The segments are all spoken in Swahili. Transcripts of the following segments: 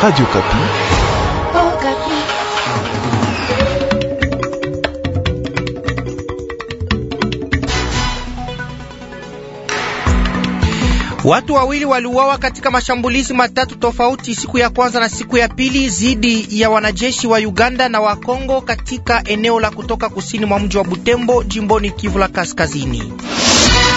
Radio Kapi. Oh, Kapi. Watu wawili waliuawa katika mashambulizi matatu tofauti siku ya kwanza na siku ya pili dhidi ya wanajeshi wa Uganda na wa Kongo katika eneo la kutoka kusini mwa mji wa Butembo jimboni Kivu la Kaskazini.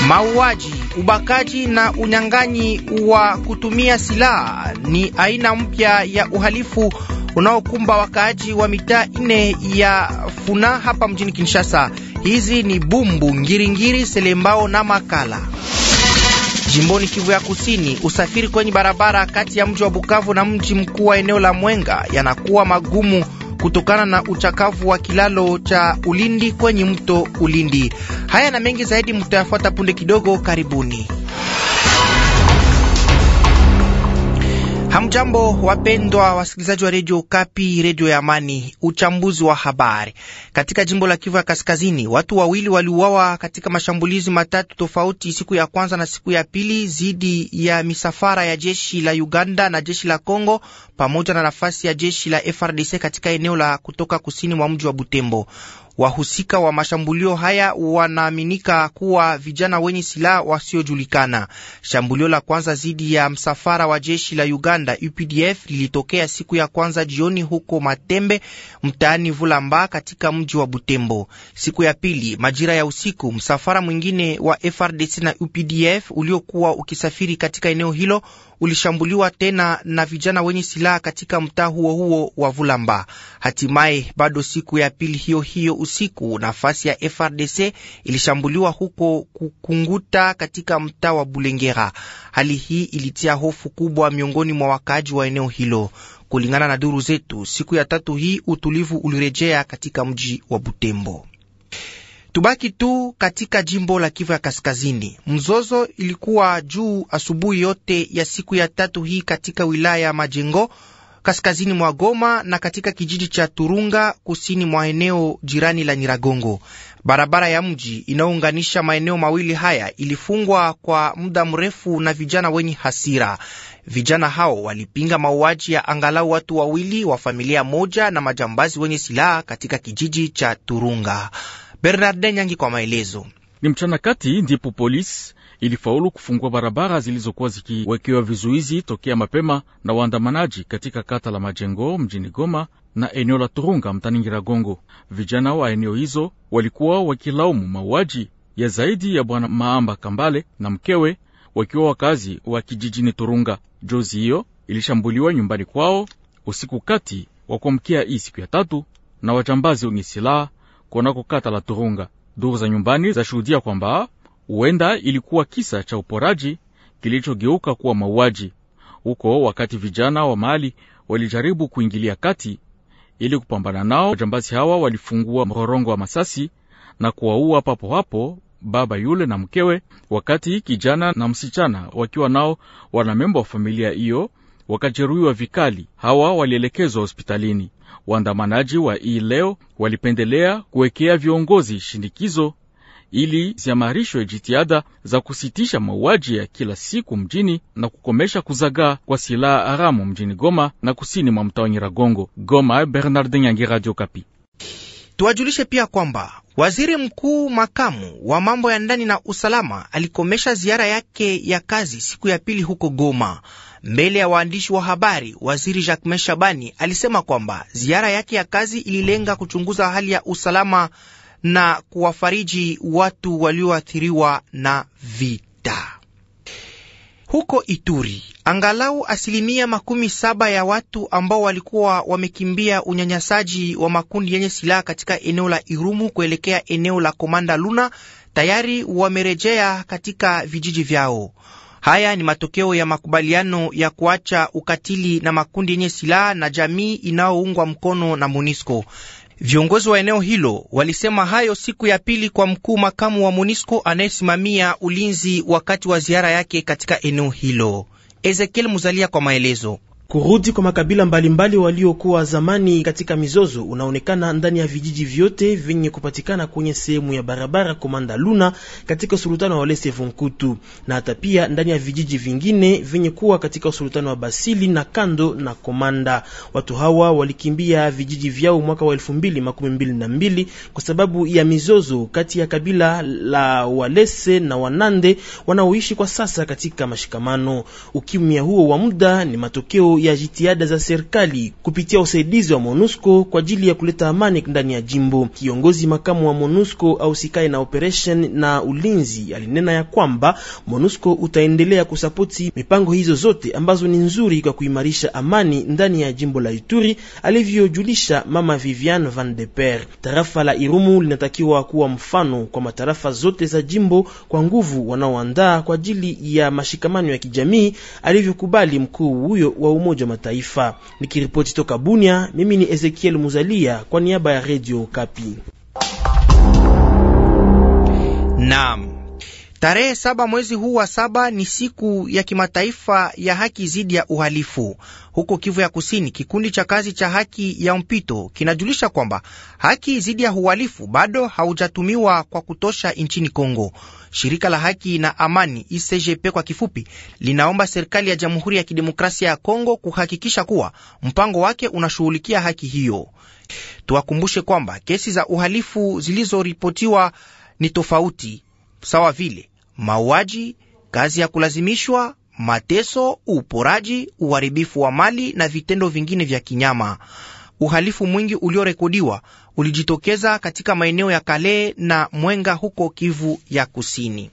Mauaji, ubakaji na unyang'anyi wa kutumia silaha ni aina mpya ya uhalifu unaokumba wakaaji wa mitaa ine ya Funa hapa mjini Kinshasa. Hizi ni Bumbu, Ngiringiri, Selembao na Makala. Jimboni Kivu ya Kusini, usafiri kwenye barabara kati ya mji wa Bukavu na mji mkuu wa eneo la Mwenga yanakuwa magumu kutokana na uchakavu wa kilalo cha Ulindi kwenye mto Ulindi. Haya na mengi zaidi mtayafuata punde kidogo. Karibuni. Hamjambo, wapendwa wasikilizaji wa redio Kapi, redio ya Amani. Uchambuzi wa habari katika jimbo la Kivu ya Kaskazini, watu wawili waliuawa katika mashambulizi matatu tofauti siku ya kwanza na siku ya pili dhidi ya misafara ya jeshi la Uganda na jeshi la Congo pamoja na nafasi ya jeshi la FRDC katika eneo la kutoka kusini mwa mji wa Butembo. Wahusika wa mashambulio haya wanaaminika kuwa vijana wenye silaha wasiojulikana. Shambulio la kwanza dhidi ya msafara wa jeshi la Uganda UPDF lilitokea siku ya kwanza jioni huko Matembe mtaani Vulamba katika mji wa Butembo. Siku ya pili majira ya usiku, msafara mwingine wa FRDC na UPDF uliokuwa ukisafiri katika eneo hilo ulishambuliwa tena na vijana wenye silaha katika mtaa huo huo wa Vulamba. Hatimaye bado siku ya pili hiyo hiyo usiku, nafasi ya FRDC ilishambuliwa huko Kukunguta katika mtaa wa Bulengera. Hali hii ilitia hofu kubwa miongoni mwa wakaaji wa eneo hilo. Kulingana na duru zetu, siku ya tatu hii utulivu ulirejea katika mji wa Butembo. Tubaki tu katika jimbo la Kivu ya Kaskazini. Mzozo ilikuwa juu asubuhi yote ya siku ya tatu hii katika wilaya ya Majengo kaskazini mwa Goma na katika kijiji cha Turunga kusini mwa eneo jirani la Nyiragongo. Barabara ya mji inayounganisha maeneo mawili haya ilifungwa kwa muda mrefu na vijana wenye hasira. Vijana hao walipinga mauaji ya angalau watu wawili wa familia moja na majambazi wenye silaha katika kijiji cha Turunga. Bernardin Nyangi kwa maelezo. Ni mchana kati ndipo polisi ilifaulu kufungua barabara zilizokuwa zikiwekewa vizuizi tokea mapema na waandamanaji katika kata la Majengo mjini Goma na eneo la Turunga mtani Ngiragongo. Vijana wa eneo hizo walikuwa wakilaumu mauaji ya zaidi ya bwana Maamba Kambale na mkewe wakiwa wakazi wa kijijini Turunga. Jozi hiyo ilishambuliwa nyumbani kwao usiku kati wa kuamkia hii siku ya tatu na wajambazi wenye silaha kunako kata la Turunga. Duru za nyumbani zashuhudia kwamba huenda ilikuwa kisa cha uporaji kilichogeuka kuwa mauaji huko, wakati vijana wa mali walijaribu kuingilia kati ili kupambana nao. Wajambazi hawa walifungua mrorongo wa masasi na kuwaua papo hapo baba yule na mkewe, wakati kijana na msichana wakiwa nao wanamemba wa familia hiyo wakajeruhiwa vikali. Hawa walielekezwa hospitalini. Waandamanaji wa hii leo walipendelea kuwekea viongozi shinikizo ili ziamarishwe jitihada za kusitisha mauaji ya kila siku mjini na kukomesha kuzagaa kwa silaha haramu mjini Goma na kusini mwa wa Nyiragongo. Goma, Bernard Nyangi, Radio Kapi. Tuwajulishe pia kwamba waziri mkuu makamu wa mambo ya ndani na usalama alikomesha ziara yake ya kazi siku ya pili huko Goma. Mbele ya waandishi wa habari, waziri Jacques Shabani alisema kwamba ziara yake ya kazi ililenga kuchunguza hali ya usalama na kuwafariji watu walioathiriwa na vita. Huko Ituri, angalau asilimia makumi saba ya watu ambao walikuwa wamekimbia unyanyasaji wa makundi yenye silaha katika eneo la Irumu kuelekea eneo la Komanda Luna tayari wamerejea katika vijiji vyao. Haya ni matokeo ya makubaliano ya kuacha ukatili na makundi yenye silaha na jamii inayoungwa mkono na MONUSCO. Viongozi wa eneo hilo walisema hayo siku ya pili kwa mkuu makamu wa MONUSCO anayesimamia ulinzi wakati wa ziara yake katika eneo hilo. Ezekiel Muzalia kwa maelezo. Kurudi kwa makabila mbalimbali waliokuwa zamani katika mizozo unaonekana ndani ya vijiji vyote vyenye kupatikana kwenye sehemu ya barabara Komanda Luna katika usultani wa Walese Vonkutu, na hata pia ndani ya vijiji vingine vyenye kuwa katika usultani wa Basili na kando na Komanda. Watu hawa walikimbia vijiji vyao mwaka wa mbili kwa sababu ya mizozo kati ya kabila la Walese na Wanande wanaoishi kwa sasa katika mashikamano. Ukimya huo wa muda ni matokeo ya jitihada za serikali kupitia usaidizi wa MONUSCO kwa ajili ya kuleta amani ndani ya jimbo. Kiongozi makamu wa MONUSCO ausikae na operation na ulinzi alinena ya kwamba MONUSCO utaendelea kusapoti mipango hizo zote ambazo ni nzuri kwa kuimarisha amani ndani ya jimbo la Ituri, alivyojulisha Mama Viviane Van de Per. Tarafa la Irumu linatakiwa kuwa mfano kwa matarafa zote za jimbo kwa nguvu wanaoandaa kwa ajili ya mashikamano ya kijamii, alivyokubali mkuu huyo wa umo Umoja wa Mataifa. Nikiripoti toka Bunia, mimi ni Ezekiel Muzalia kwa niaba ya Redio Kapi. Naam. Tarehe saba mwezi huu wa saba ni siku ya kimataifa ya haki dhidi ya uhalifu. Huko Kivu ya Kusini, kikundi cha kazi cha haki ya mpito kinajulisha kwamba haki dhidi ya uhalifu bado haujatumiwa kwa kutosha nchini Kongo. Shirika la Haki na Amani ICGP kwa kifupi, linaomba serikali ya Jamhuri ya Kidemokrasia ya Kongo kuhakikisha kuwa mpango wake unashughulikia haki hiyo. Tuwakumbushe kwamba kesi za uhalifu zilizoripotiwa ni tofauti, sawa vile mauaji, kazi ya kulazimishwa mateso, uporaji, uharibifu wa mali na vitendo vingine vya kinyama. Uhalifu mwingi uliorekodiwa ulijitokeza katika maeneo ya Kale na Mwenga huko Kivu ya Kusini.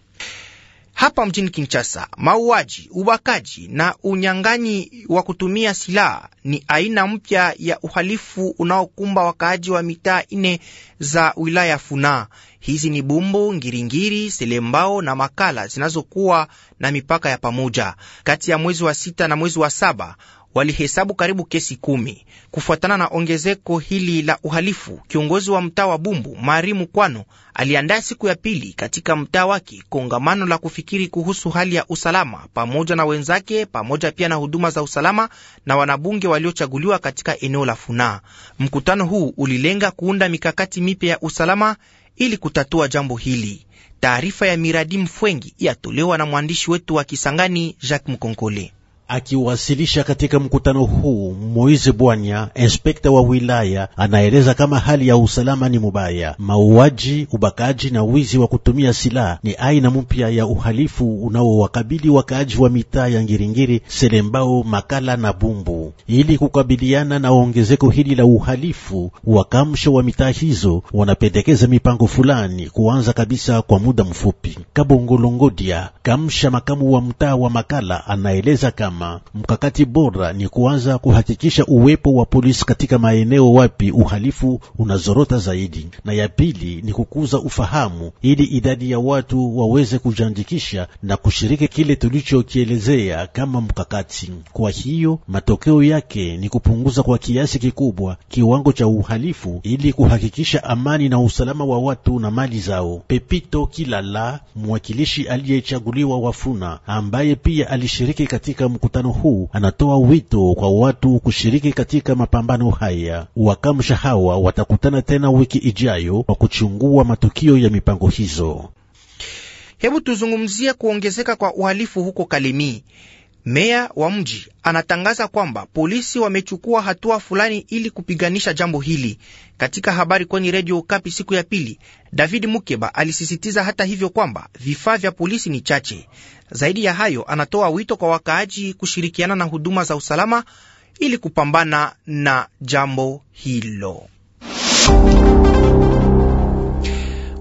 Hapa mjini Kinshasa, mauaji, ubakaji na unyang'anyi wa kutumia silaha ni aina mpya ya uhalifu unaokumba wakaaji wa mitaa ine za wilaya Funaa Hizi ni Bumbu, Ngiringiri, Selembao na Makala zinazokuwa na mipaka ya pamoja. Kati ya mwezi wa sita na mwezi wa saba walihesabu karibu kesi kumi. Kufuatana na ongezeko hili la uhalifu, kiongozi wa mtaa wa Bumbu Marimu Kwano aliandaa siku ya pili katika mtaa wake kongamano la kufikiri kuhusu hali ya usalama pamoja na wenzake, pamoja pia na huduma za usalama na wanabunge waliochaguliwa katika eneo la Funaa. Mkutano huu ulilenga kuunda mikakati mipya ya usalama ili kutatua jambo hili, taarifa ya miradi mfwengi yatolewa na mwandishi wetu wa Kisangani Jacques Mkonkole. Akiwasilisha katika mkutano huu, Moize Bwanya, inspekta wa wilaya, anaeleza kama hali ya usalama ni mubaya. Mauaji, ubakaji na wizi wa kutumia silaha ni aina mpya ya uhalifu unaowakabili wakaaji wa mitaa ya Ngiringiri, Selembao, Makala na Bumbu. Ili kukabiliana na ongezeko hili la uhalifu, wakamsho wa mitaa hizo wanapendekeza mipango fulani kuanza kabisa kwa muda mfupi. Kabongolongodia Kamsha, makamu wa mtaa wa Makala, anaeleza kama usalama. Mkakati bora ni kuanza kuhakikisha uwepo wa polisi katika maeneo wapi uhalifu unazorota zaidi, na ya pili ni kukuza ufahamu ili idadi ya watu waweze kujiandikisha na kushiriki kile tulichokielezea kama mkakati. Kwa hiyo matokeo yake ni kupunguza kwa kiasi kikubwa kiwango cha uhalifu ili kuhakikisha amani na usalama wa watu na mali zao. Pepito Kilala, mwakilishi aliyechaguliwa Wafuna, ambaye pia alishiriki katika mku mkutano huu anatoa wito kwa watu kushiriki katika mapambano haya. Wakamsha hawa watakutana tena wiki ijayo kwa kuchungua matukio ya mipango hizo. Hebu tuzungumzie kuongezeka kwa uhalifu huko Kalemi. Meya wa mji anatangaza kwamba polisi wamechukua hatua fulani ili kupiganisha jambo hili. Katika habari kwenye redio Kapi siku ya pili, David Mukeba alisisitiza hata hivyo kwamba vifaa vya polisi ni chache. Zaidi ya hayo, anatoa wito kwa wakaaji kushirikiana na huduma za usalama ili kupambana na jambo hilo.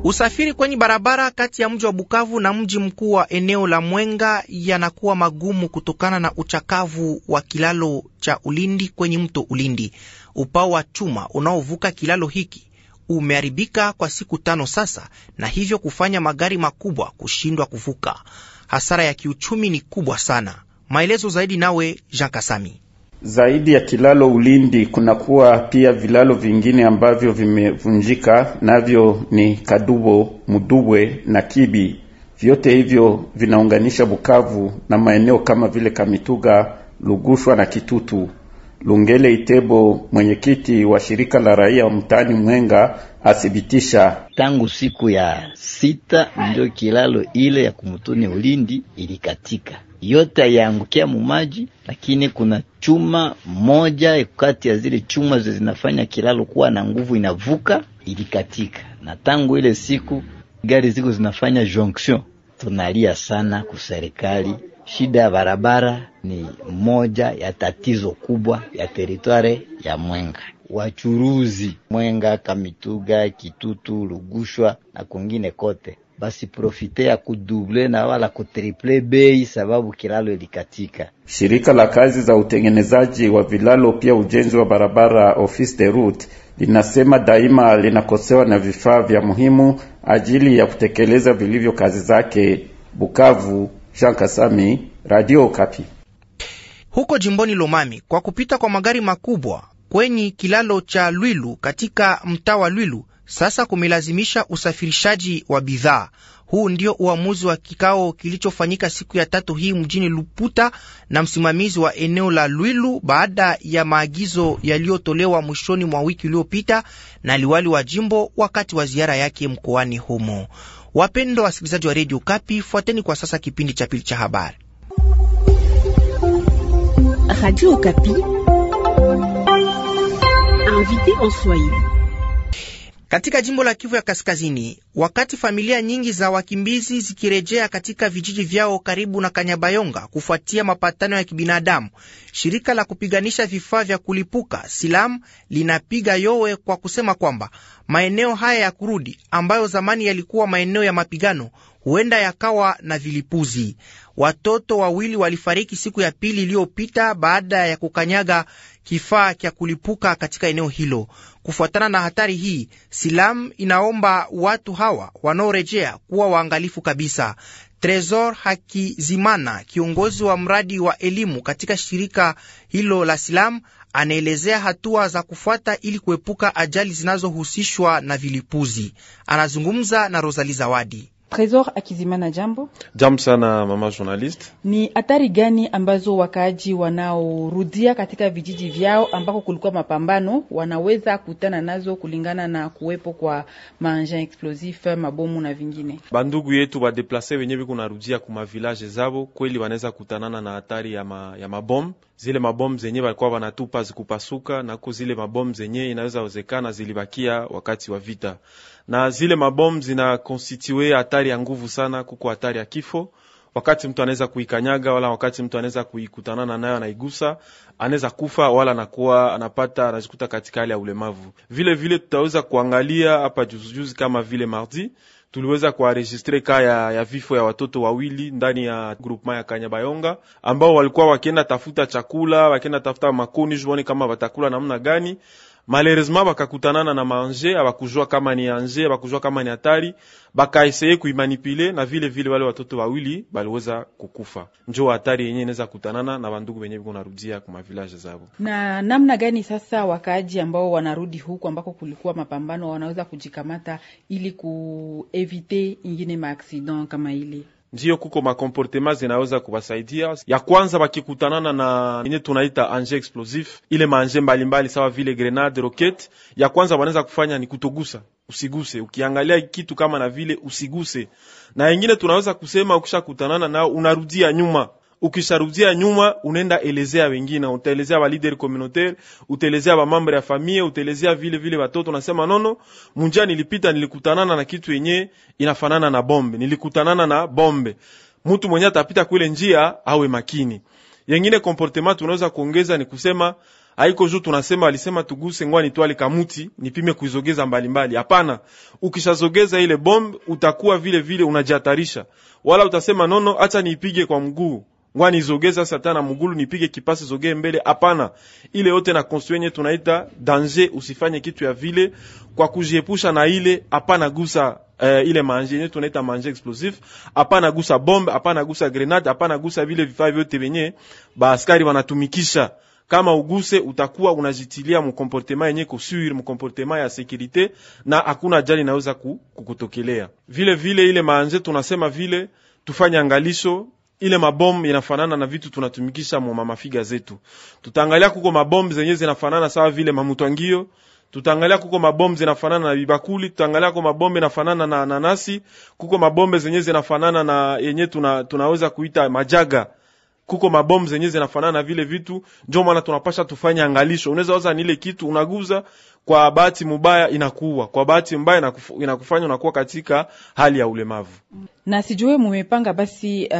Usafiri kwenye barabara kati ya mji wa Bukavu na mji mkuu wa eneo la Mwenga yanakuwa magumu kutokana na uchakavu wa kilalo cha Ulindi kwenye mto Ulindi. Upao wa chuma unaovuka kilalo hiki umeharibika kwa siku tano sasa, na hivyo kufanya magari makubwa kushindwa kuvuka. Hasara ya kiuchumi ni kubwa sana. Maelezo zaidi nawe Jean Kasami. Zaidi ya kilalo Ulindi kunakuwa pia vilalo vingine ambavyo vimevunjika, navyo ni Kadubo, Mudubwe na Kibi. Vyote hivyo vinaunganisha Bukavu na maeneo kama vile Kamituga, Lugushwa na Kitutu. Lungele Itebo, mwenyekiti wa shirika la raia mtaani Mwenga, athibitisha tangu siku ya sita ndio kilalo ile ya kumutuni Ulindi ilikatika yote yaangukia mumaji, lakini kuna chuma moja kati ya zile chuma zinafanya kilalo kuwa na nguvu inavuka ilikatika, na tangu ile siku gari ziko zinafanya jonction. Tunalia sana kuserikali. Shida ya barabara ni moja ya tatizo kubwa ya teritware ya Mwenga. Wachuruzi Mwenga, Kamituga, Kitutu, Lugushwa na kwingine kote profite ya kuduble na wala kutriple bei sababu kilalo ilikatika. Shirika la kazi za utengenezaji wa vilalo pia ujenzi wa barabara Office de Route linasema daima linakosewa na vifaa vya muhimu ajili ya kutekeleza vilivyo kazi zake. Bukavu, Jean Kasami, Radio Kapi. Huko jimboni Lomami, kwa kupita kwa magari makubwa kwenye kilalo cha Lwilu katika mtaa wa Lwilu sasa kumelazimisha usafirishaji wa bidhaa. Huu ndio uamuzi wa kikao kilichofanyika siku ya tatu hii mjini Luputa na msimamizi wa eneo la Lwilu baada ya maagizo yaliyotolewa mwishoni mwa wiki uliopita na liwali wa jimbo wakati wa ziara yake mkoani humo. Wapendwa wasikilizaji wa redio Kapi, fuateni kwa sasa kipindi cha pili cha habari Radio Kapi katika jimbo la Kivu ya Kaskazini, wakati familia nyingi za wakimbizi zikirejea katika vijiji vyao karibu na Kanyabayonga kufuatia mapatano ya kibinadamu, shirika la kupiganisha vifaa vya kulipuka Silam linapiga yowe kwa kusema kwamba maeneo haya ya kurudi ambayo zamani yalikuwa maeneo ya mapigano huenda yakawa na vilipuzi. Watoto wawili walifariki siku ya pili iliyopita baada ya kukanyaga kifaa cha kulipuka katika eneo hilo. Kufuatana na hatari hii, Silam inaomba watu hawa wanaorejea kuwa waangalifu kabisa. Tresor Hakizimana, kiongozi wa mradi wa elimu katika shirika hilo la Silam, anaelezea hatua za kufuata ili kuepuka ajali zinazohusishwa na vilipuzi. Anazungumza na Rosali Zawadi. Tresor Akizimana, jambo jambo sana mama journalist. Ni hatari gani ambazo wakaaji wanaorudia katika vijiji vyao ambako kulikuwa mapambano wanaweza kutana nazo kulingana na kuwepo kwa maanjan explosif, mabomu na vingine? Bandugu yetu wadeplase wenyewe kunarudia kuma village zabo, kweli wanaweza kutanana na hatari ya, ma, ya mabomu zile mabomu zenye walikuwa wanatupa zikupasuka, nako zile mabomu zenye inaweza wezekana zilibakia wakati wa vita na zile mabomu zina konstitue hatari ya nguvu sana, kuko hatari ya kifo wakati mtu anaweza kuikanyaga wala wakati mtu anaweza kuikutanana nayo anaigusa, anaweza kufa wala anakuwa anapata anajikuta katika hali ya ulemavu. Vile vile tutaweza kuangalia hapa juzijuzi, kama vile mardi tuliweza kuaregistre ka ya, ya vifo ya watoto wawili ndani ya groupema ya Kanyabayonga ambao walikuwa wakienda tafuta chakula, wakienda tafuta makoni juone kama watakula namna gani, Malheureusement bakakutanana na maanje, abakujua kama ni anje, abakujua kama ni hatari, bakaeseye kuimanipule na vile vile wale watoto wawili baliweza kukufa. Njo hatari yenye inaweza kukutanana na bandugu wenye biko narudia kwa village zao. Na namna gani sasa wakaaji ambao wanarudi huku ambako kulikuwa mapambano wanaweza kujikamata ili kuevite ingine maaksident kama ile? ndiyo kuko makomportema zinaweza kubasaidia. Ya kwanza bakikutanana na yenye tunaita anje explosif, ile maanje mbalimbali sawa vile grenade, roket, ya kwanza wanaweza kufanya ni kutogusa, usiguse. Ukiangalia kitu kama na vile usiguse, na yengine tunaweza kusema ukishakutanana nao unarudia nyuma ukisharudia nyuma unaenda elezea wengine, utaelezea ba leader communautaire, utaelezea ba membre ya famille, utaelezea vile vile watoto. Nasema nono, munja, nilipita, nilikutanana na kitu yenye inafanana na bombe, nilikutanana na bombe. Mtu mwenye atapita kule njia awe makini. Yengine comportement tunaweza kuongeza ni kusema haiko juu tunasema alisema tuguse ngwa ni twali kamuti nipime kuizogeza mbalimbali. Hapana, ukishazogeza ile bomb utakuwa vile vile unajihatarisha, wala utasema nono, acha niipige kwa mguu wani zoge sasa tana mugulu nipige kipasi zoge mbele. Hapana, ile yote na konstwenye tunaita danger, usifanye kitu ya vile kwa kujiepusha na ile. Hapana gusa uh, ile manje yenye tunaita manje explosif. Hapana gusa bombe, hapana gusa grenade, hapana gusa vile vifaa vyote vyenye askari wanatumikisha kama uguse utakuwa unajitilia mkomportema yenye kusuri mkomportema ya sekirite, na hakuna ajali inaweza kukutokelea. Vile vile ile manje tunasema vile tufanye angalisho ile mabomu inafanana na vitu tunatumikisha mu mamafiga zetu. Tutaangalia kuko mabomu zenye zinafanana sawa vile mamutwangio, tutaangalia kuko mabomu zinafanana na bibakuli, tutaangalia kuko mabomu inafanana na nanasi, kuko mabombe zenye zinafanana na yenye tuna, tunaweza kuita majaga kuko mabomu zenyewe zinafanana na vile vitu, ndio maana tunapasha tufanye angalisho. Unaweza waza ni ile kitu unaguza, kwa bahati mubaya inakuwa, kwa bahati mbaya inakufu, inakufanya unakuwa katika hali ya ulemavu. Na sijue mumepanga basi uh,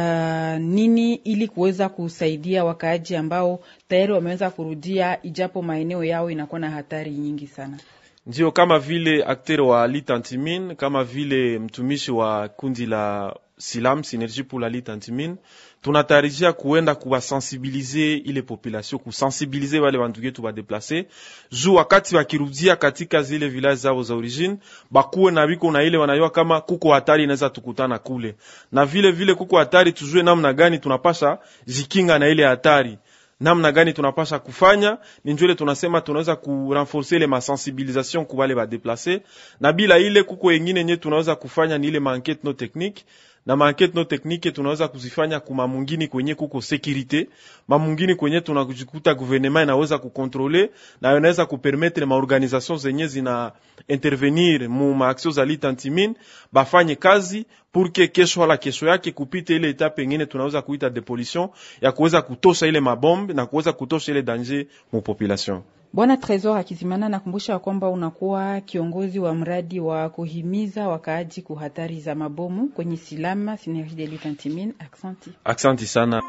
nini ili kuweza kusaidia wakaaji ambao tayari wameweza kurudia, ijapo maeneo yao inakuwa na hatari nyingi sana. Ndio, kama vile akter wa litantimine kama vile mtumishi wa kundi la Silam Synergie pour la Litantimin tunatayarishia kuenda kuwasensibilize ile population, kusensibilize wale wandugu yetu wadeplase, juu wakati wakirudia katika zile vilaji zao za origine, bakuwe na biko na ile wanayua kama kuko hatari inaweza tukutana kule, na vile vile kuko hatari, tujue namna gani tunapasha jikinga na ile hatari namna gani tunapasha kufanya ni njole, tunasema tunaweza kurenforce ile masensibilisation kuwale badeplace, na bila ile kuko engine nye tunaweza kufanya ni ile mankete no technique na maankete no teknike tunaweza kuzifanya kuma mungini kwenye kuko sekirite, mamungini kwenye tunakujikuta guvernema inaweza kukontrole na inaweza kupermetre maorganizasyon zenye zina intervenir mu maaksio za lita antimine bafanye kazi purke kesho wala kesho yake kupite ile etape nyingine tunaweza kuita depolition ya kuweza kutosha ile mabombe na kuweza kutosha ile danger mu population. Bwana Tresor Hakizimana ya kwamba unakuwa kiongozi wa mradi wa kuhimiza wakaaji kuhatari za mabomu kwenye Silama Synergie de Lutte Antimine. Aksanti, aksanti sana.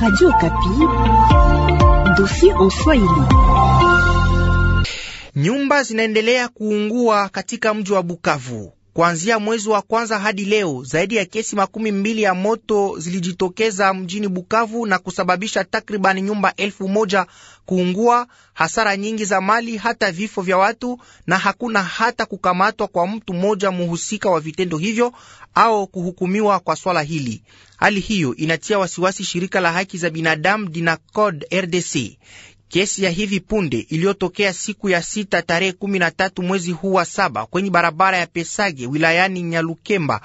Radio Okapi, dossier en Swahili. Nyumba zinaendelea kuungua katika mji wa Bukavu. Kuanzia mwezi wa kwanza hadi leo zaidi ya kesi makumi mbili ya moto zilijitokeza mjini Bukavu na kusababisha takriban nyumba elfu moja kuungua, hasara nyingi za mali, hata vifo vya watu, na hakuna hata kukamatwa kwa mtu mmoja muhusika wa vitendo hivyo au kuhukumiwa kwa swala hili. Hali hiyo inatia wasiwasi shirika la haki za binadamu DINACOD RDC. Kesi ya hivi punde iliyotokea siku ya sita tarehe kumi tatu mwezi huu wa saba kwenye barabara ya Pesage wilayani Nyalukemba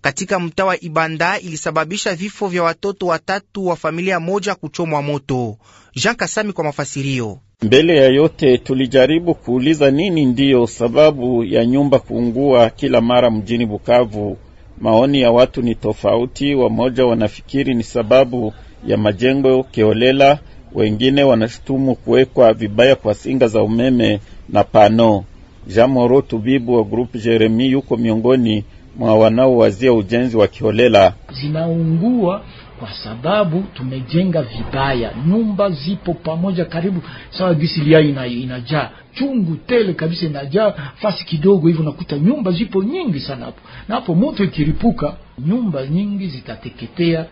katika mtaa wa Ibanda ilisababisha vifo vya watoto watatu wa familia moja kuchomwa moto. Jean Kasami kwa mafasirio. Mbele ya yote tulijaribu kuuliza nini ndiyo sababu ya nyumba kuungua kila mara mjini Bukavu. Maoni ya watu ni tofauti. Wamoja wanafikiri ni sababu ya majengo keolela wengine wanashutumu kuwekwa vibaya kwa singa za umeme na pano. Jamoro Tubibu wa Grupu Jeremi yuko miongoni mwa wanaowazia ujenzi wa kiholela. Zinaungua kwa sababu tumejenga vibaya, nyumba zipo pamoja karibu sawa, gisilia ina, inajaa chungu tele kabisa, inajaa fasi kidogo hivyo, nakuta nyumba zipo nyingi sana hapo, na hapo moto ikiripuka nyumba nyingi zitateketea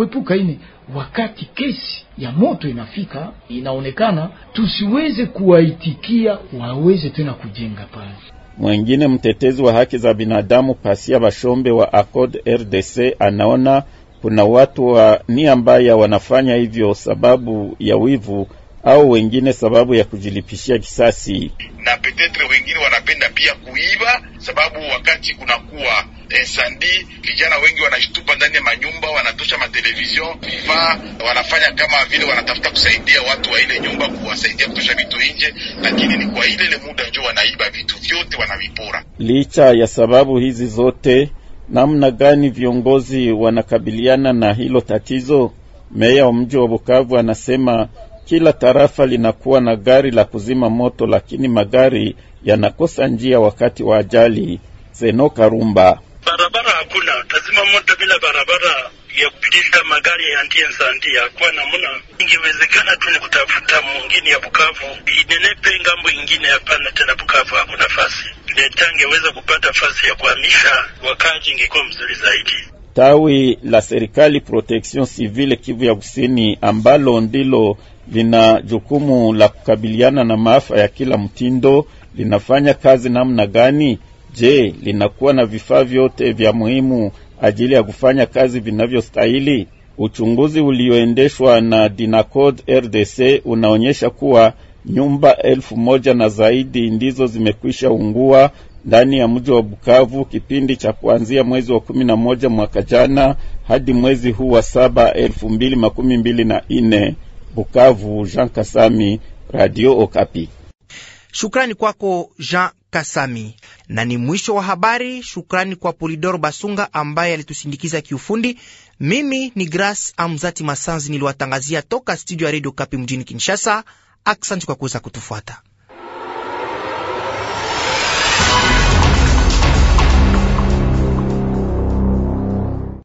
kuepuka ini, wakati kesi ya moto inafika inaonekana, tusiweze kuwaitikia, waweze tena kujenga pale. mwengine mtetezi wa haki za binadamu Pasia Bashombe wa Accord RDC anaona kuna watu wa nia mbaya wanafanya hivyo sababu ya wivu au wengine sababu ya kujilipishia kisasi, na petetre wengine wanapenda pia kuiba, sababu wakati kunakuwa eh, sandi vijana wengi wanashtupa ndani ya manyumba, wanatosha matelevizion, vifaa, wanafanya kama vile wanatafuta kusaidia watu wa ile nyumba, kuwasaidia kutosha vitu nje, lakini ni kwa ile ile muda njo wanaiba vitu vyote, wanavipora. Licha ya sababu hizi zote, namna gani viongozi wanakabiliana na hilo tatizo? Meya wa mji wa Bukavu anasema kila tarafa linakuwa na gari la kuzima moto, lakini magari yanakosa njia wakati wa ajali. Zeno Karumba: barabara hakuna, tazima moto bila barabara ya kupitisha magari ya ndia za ndia kwa namna ingewezekana tu ni kutafuta mwingine ya Bukavu inenepe ngambo ingine. Hapana tena, Bukavu hakuna fasi Leta ingeweza kupata fasi ya kuhamisha wakaji, ingekuwa mzuri zaidi. Tawi la serikali Protection Civile Kivu ya Kusini ambalo ndilo lina jukumu la kukabiliana na maafa ya kila mtindo. Linafanya kazi namna gani? Je, linakuwa na vifaa vyote vya muhimu ajili ya kufanya kazi vinavyostahili? Uchunguzi ulioendeshwa na Dinacod RDC unaonyesha kuwa nyumba elfu moja na zaidi ndizo zimekwisha ungua ndani ya mji wa Bukavu kipindi cha kuanzia mwezi wa kumi na moja mwaka jana hadi mwezi huu wa saba elfu mbili makumi mbili na nne. Bukavu, Jean Kasami, Radio Okapi. Shukrani kwako Jean Kasami, na ni mwisho wa habari. Shukrani kwa Polidor Basunga ambaye alitusindikiza kiufundi. Mimi ni Gras Amzati Masanzi niliwatangazia toka studio ya Radio Kapi mjini Kinshasa. Aksanti kwa kuweza kutufuata.